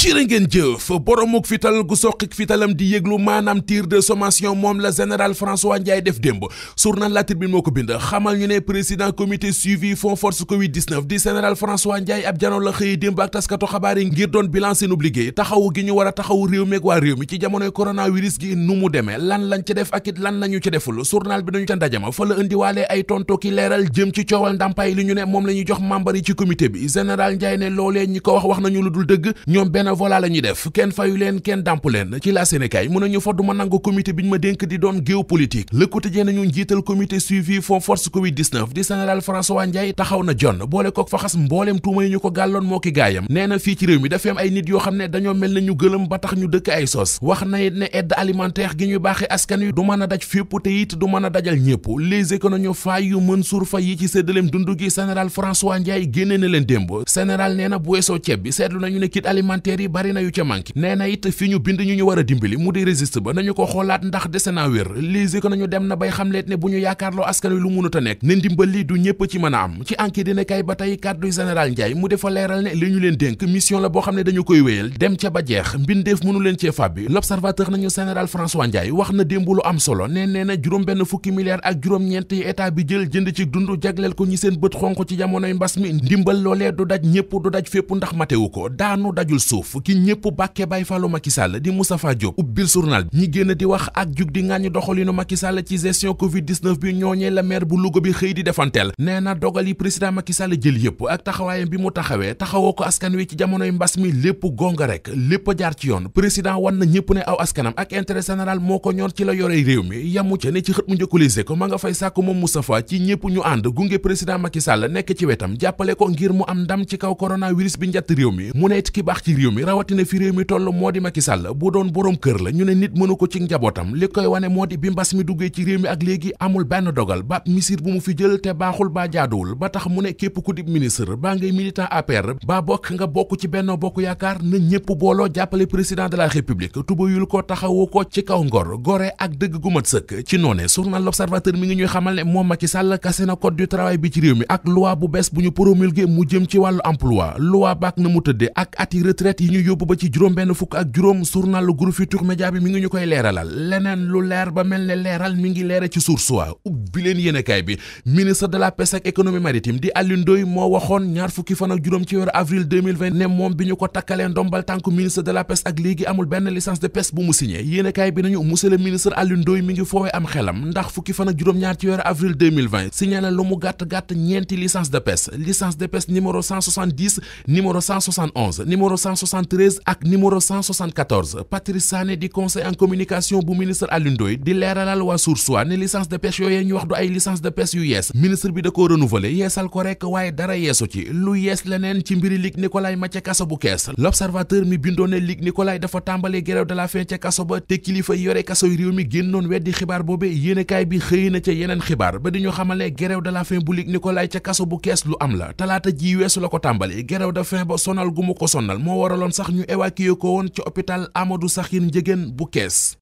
cirë ngeen jëf boromuk fital gu soqik fitalam di yëglu maanaam tir de sommation moom la général François Ndiaye def démb journal La Tribune moo ko bind xamal ñu ne président comité suivi fonds force covid-19 di général François Ndiaye ab janoo la xëy démb ak taskatu xabaar yi ngir doon bilan seenub liggéey taxawu gi ñu war taxawu réew meeg waa réew mi ci jamonoy coronavirus gi nu mu demee lan lañ ci def ak lan lañu ci deful journal bi dañu la indiwaalee ay tonto ki leeral jëm ci coowal ndàmpaay li la ñuy jox membre yi ci wax wax nañu lu dul dëgg na voilà la def kenn fayu leen kenn dàmpu leen ci la Sénégal mun nañu fa duma nangu comité bi ñu ma dénk di doon géopolitique Le Quotidien nañu njiital comité suivi fond force covid 19 di général François Ndiaye taxaw na jon boole kook fa xas mbooleem tuuma yi ñu ko gàlloon moo ki gaayam nee na fii ci réew mi dafa ay nit yoo xam ne dañoo mel na ñu gëlëm ba tax ñu dëkk ay sos wax na it ne aide alimentaire gi ñuy baaxee askan wi du mën a daj fépp te it du mën dajal ñëpp les économies fay yu Mansour Faye yi ci séddaleem dund gi général François Ndiaye génne na leen démb général nee na bu weesoo ceeb bi seetlu nañu ne kit alimentaire maire yi bari na yu ca manqué nee it fi ñu bind ñu ñu war a dimbali mu di registre ba nañu ko xoolaat ndax dese naa wér lisi ko nañu dem na bay xamleet ne bu ñu yaakaarloo askan wi lu munut a nekk ne ndimbal du ñëpp ci mën a am ci enquête dina kay ba tey kàddu général Ndiaye mu defa leeral ne li ñu leen dénk mission la boo xam ne dañu koy wéyal dem ca ba jeex mbindeef mënu leen cee fàbbi l'observateur nañu général François Ndiaye wax na démb lu am solo ne nee na juróom benn fukki milliards ak juróom-ñeent yi jël jënd ci dund jagleel ko ñi seen bët xonq ci jamonoy mbas mi ndimbal loolee du daj ñëpp du daj fépp ndax matewu ko daanu dajul suuf Diouf ki ñëpp bàkkee bay Fallou Macky Sall di Moustapha Diop ubbil journal ñi génn di wax ak jug di ŋàññi doxalinu Macky Sall ci gestion Covid 19 bi ñooñee la maire bu Louga bi xëy di defanteel nee na dogal yi président Macky Sall jël yëpp ak taxawaayam bi mu taxawee taxawoo ko askan wi ci jamonoy mbas mi lépp gong rek lépp a jaar ci yoon président wan na ñëpp ne aw askanam ak intérêt général moo ko ñor ci la yorey réew mi yamu ca ne ci xët mu njëkkulise ko ma nga fay sàkk moom Moustapha ci ñëpp ñu ànd gunge président Macky Sall nekk ci wetam jàppale ko ngir mu am ndam ci kaw coronavirus bi njatt réew mi mu ne ki baax ci réew rawatina fi réew mi toll moo di Macky Sall bu doon borom kër la ñu ne nit mënu ko ci njabootam li koy wane moo di bi mbas mi duggee ci réew mi ak léegi amul benn dogal ba bu mu fi jël te baaxul baa ba tax mu ne képp ku di ministre baa ngay militant APR baa bokk nga bokk ci Benno Bokk Yaakaar na ñëpp booloo jàppale président de la république tubayul ko taxawoo ko ci kaw ngor gore ak dëgg gu mat sëkk ci noone journal L'Observateur mi ngi ñuy xamal moom Macky Sall kase na code du bi ci réew mi ak loi bees bu ñu promulgué mu jëm ci wàllu emploi loi baak na mu tëdde ak ati yi yi ñu yóbbu ba ci juróom benn fukk ak juróom journal Groupe Futurs Médias bi mi ngi ñu koy leeralal leneen lu leer ba mel ne leeral mi ngi leere ci Source ubbi leen yéenekaay bi ministre de la pêche ak économie maritime di Alioune moo waxoon ñaar fukki fan ak juróom ci weeru avril ne moom bi ñu ko takkalee ndombal tànk ministre de la pêche ak léegi amul benn licence de pêche bu mu signé yéenekaay bi nañu monsieur ministre Alioune Ndoye ngi foowee 173 ak numéro 174 di conseil en communication bu ministre Alioune di leeralal waa Source A licence de pêche yooyee ñu wax du ay licence de pêche yu yees ministre bi da koo renouveler yeesal ko rek waaye dara yeesu ci lu yees leneen ci mbiri Luc Nicolaï ma ca kaso bu kees l'observateur mi bindoo ne Luc Nicolaï dafa tàmbalee grève de la faim ca kaso ba te kilifa yore kaso réew mi génnoon weddi xibaar boobe yéenekaay bi xëy na ca yeneen xibaar sax ñu évacuer ko woon ci hôpital sax Sakhir Ndiéguène bu Kees